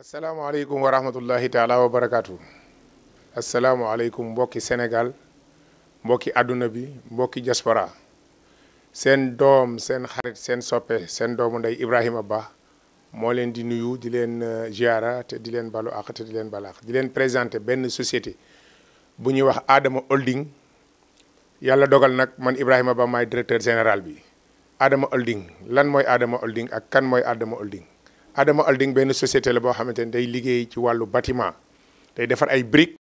asalaamaaleykum wa rahmatullahi taala wa barakaatu asalaamaaleykum mbokki Sénégal mbokki àdduna bi mbokki jaspora seen doom seen xarit seen soppe seen doomu ndey Ibrahima Ba moo leen di nuyu di leen euh, ziara te di leen balu àq te di leen balaax di leen présenté benn société bu ñuy wax aadama Holding yàlla dogal nag man Ibrahima Ba maay directeur général bi Adama Holding lan mooy Adama Holding ak kan mooy Adama Holding Adama Holding benn société la boo xamante ni day liggéey ci wàllu bâtiment day defar ay briques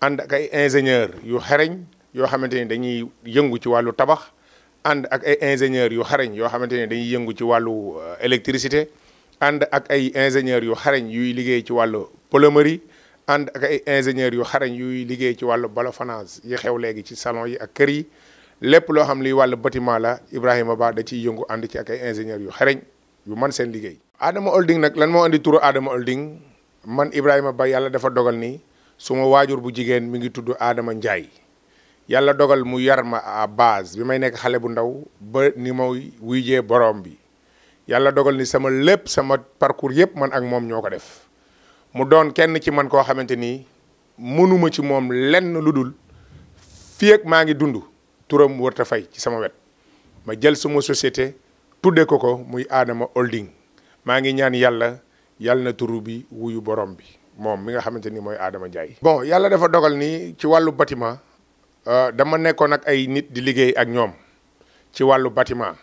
ànd ak ay ingénieur yu xareñ yoo xamante ni dañuy yëngu ci wàllu tabax ànd ak ay ingénieur yu xarañ yoo xamante ni dañuy yëngu ci wàllu euh, électricité ànd ak ay ingénieur yu xareñ yuy liggéey ci wàllu plomberie ànd ak ay ingénieur yu xarañ yuy liggéey ci wàllu balofanage yi xew léegi ci salon yi ak kër yi lépp loo xam li wàllu bâtiment la Ibrahima Ba da ciy yëngu ànd ci ak ay ingénieur yu xareñ yu man seen liggéey Adama Holding nak lan mo andi turu Adama Holding man Ibrahima Ba Yalla dafa dogal ni suma wajur bu jigen mi ngi tuddu Adama Njay Yalla dogal mu yar ma base bi may nek xale bu ndaw ba ni moy wuyje borom bi Yalla dogal ni sama lepp sama parcours yep man ak mom ñoko def mu doon kenn ci man ko xamanteni ni mënuma ci mom lenn lu fi ak ma ngi dundu turam wërta fay ci sama wet ma jël suma société tudde koko muy Adama Holding maa ngi ñaan yàlla yàlla na turu bi wuyu borom bi moom mi nga xamante ni mooy Adama Ndiaye. bon yàlla dafa dogal ni ci wàllu bâtiment euh, dama nekkoon ak ay nit di liggéey ak ñoom ci wàllu bâtiment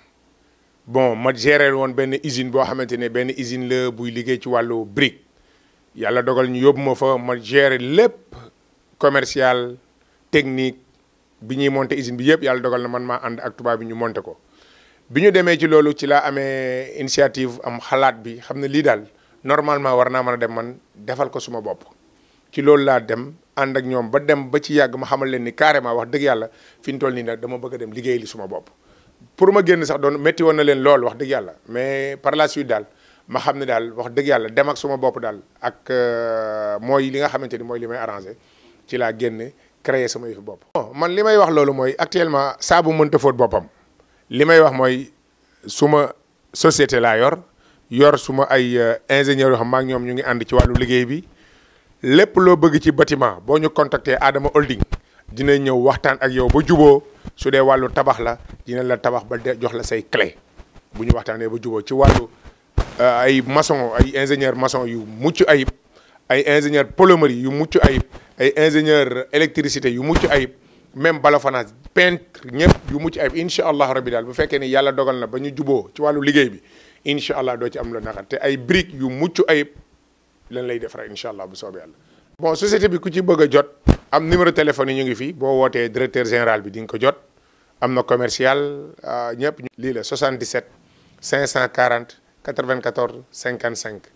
bon ma géré woon benn usine boo xamante ne benn usine la buy liggéey ci wàllu brique yàlla dogal ñu yóbbu ma fa ma gere lépp commercial technique bi ñuy monter usine bi yëpp yàlla dogal na man maa ànd ak tubaab bi ñu monter ko. biñu démé ci lolu ci la amé initiative am xalaat bi xamné li dal normalement war naa dem man défal ko suma bop ci lolu la dem and ak ñom ba dem ba ci yag ma xamal leen ni carrément wax deug yalla fiñ toll ni nak dama bëgg dem liggéey li suma bop pour ma génn sax doon metti woon na leen lolu wax deug yalla mais par la suite dal ma xamné dal wax deug yalla dem ak suma bop dal ak euh, moy li nga xamanteni moy limay li ci la génn créer sama yef bop man li wax lolu moy actuellement saabu mënta fot bopam li may wax mooy suma société laa yor yor suma ay euh, ingénieurs yoo xam maa ñoom ñu ngi ànd ci wàllu liggéey bi lépp loo bëgg ci batiment boo ñu contacter aadama Holding dina ñëw waxtaan ak yow ba juboo su dee wàllu tabax la dina la tabax ba de jox la say clé bu ñu waxtaanee ba juboo ci wàllu euh, ay maçon ay ingénieur maçon yu mucc ayib ay ingénieur plomberie yu mucc ayib ay ingénieur électricité yu mucc ayib même balofanage peintre ñëpp yu mucc ayib incha allah rabbi daal bu fekkee ni yàlla dogal na ba ñu juboo ci wàllu liggéey bi incha allah doo ci am la naxar te ay briques yu mucc ayib lan lay defar incha allah bu soobee yàlla. bon société bi ku ci bëgg a jot am numéro téléphone yi ñu ngi fi boo wootee directeur général bi di ko jot am na commercial ah, ñëpp. lii la 77 540 94 55.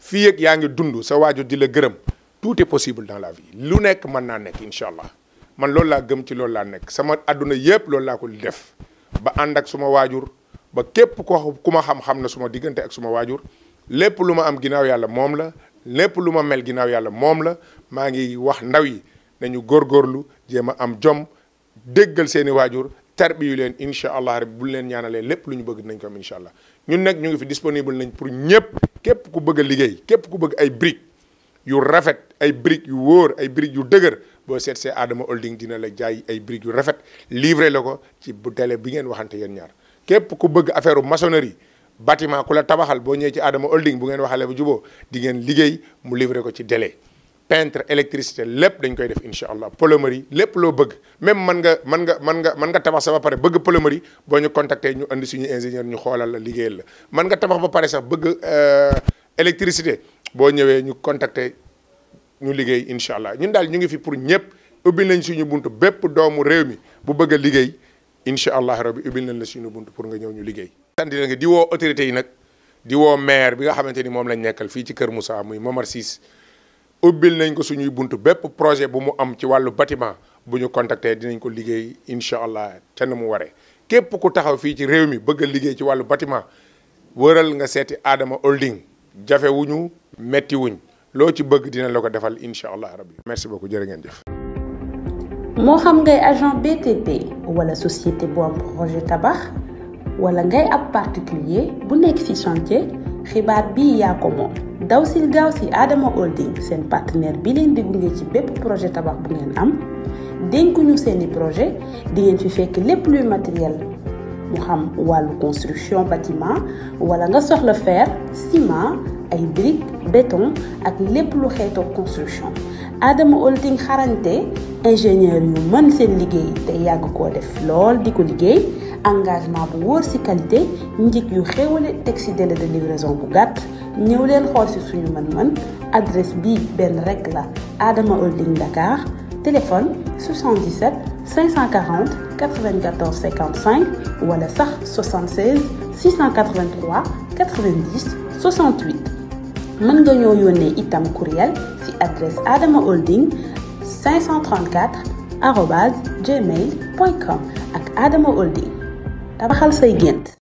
Fi ak Dundu, sa di la tout est possible dans la vie lu nekk man na nekk man la gëm ci sama aduna yépp lool la ko def ba andak suma wajur. ba képp ko xam na suma diggante ak suma wajur. lepp luma am ginaaw yalla mom la lepp luma ma mel ginaaw yalla mom la ma ngi wax ndaw yi nañu gor am jom déggal seeni wajur tarbiyu leen fi disponible nañ pour képp ku bëgg liggéey képp ku bëgg ay briques yu rafet ay briques yu wóor ay briques yu dëgër boo seet see Adama Holding dina la jaay ay briques yu rafet livré la ko ci bu délai bi ngeen waxante yéen ñaar képp ku bëgg affaire maçonnerie batiment ku la tabaxal boo ñëwee ci Adama Holding bu ngeen waxalee bu juboo di ngeen liggéey mu livré ko ci délai. peintre électricité lepp dañ koy def inshallah allah lepp lo bëgg même man nga man nga man nga man nga tabax sa ba pare bëgg polomerie bo ñu contacter ñu andi suñu ingénieur ñu xolal la ligéel la man nga tabax ba paré sax bëgg euh, électricité bo ñëwé ñu contacter ñu liggéey inshallah ñun dal ñu ngi fi pour ñëpp ubbil nañ suñu buntu bépp doomu réew mi bu bëgg a inshallah rabbi ubbil nañ la suñu buntu pour nga ñëw ñu liggéey. sant na nga di wo autorité yi nak di wo maire bi nga xamanteni mom lañ nekkal fi ci Kër Moussa muy Momar Cissé ubbil nañ ko suñuy bunt bépp projet bu mu am ci wàllu batiment bu ñu contacter dinañ ko liggéey incha allah ca na mu waree képp ku taxaw fii ci réew mi bëgg liggéey ci wàllu batiment wëral nga seeti Adama Holding jafe wuñu metti wuñ loo ci bëgg dinañ la ko defal incha allah rabbi merci beaucoup jër ngeen jëf. moo xam ngay agent BTP wala société bu am projet tabax wala ngay ab particulier bu nekk ci chantier. xibaar bii yaa ko moom daw si gaaw si Adama Holding seen partenaire bi leen di gunge ci bépp projet tabax bu ngeen am dénkuñu seeni projet di ngeen fi fekk lépp luy matériel mu xam wàllu construction bâtiment wala nga soxla fer ciment ay briques béton ak lépp lu xeetoo construction Adama Holding garantie ingénieur yu mën seen liggéey te yàgg koo def lool di ko liggéey engagement bu wóor si qualité njëg yu xéewale teg si délai de livraison bu gàtt ñëw leen xool si suñu mën-mën adresse bi benn rek la Adama Holding Dakar téléphone 77 540 94 55 wala sax 76 683 90 68 mën nga ñoo yónnee itam courriel si adresse Adama Holding 534 arobase gmail.com ak Adama Holding tabaxal say gént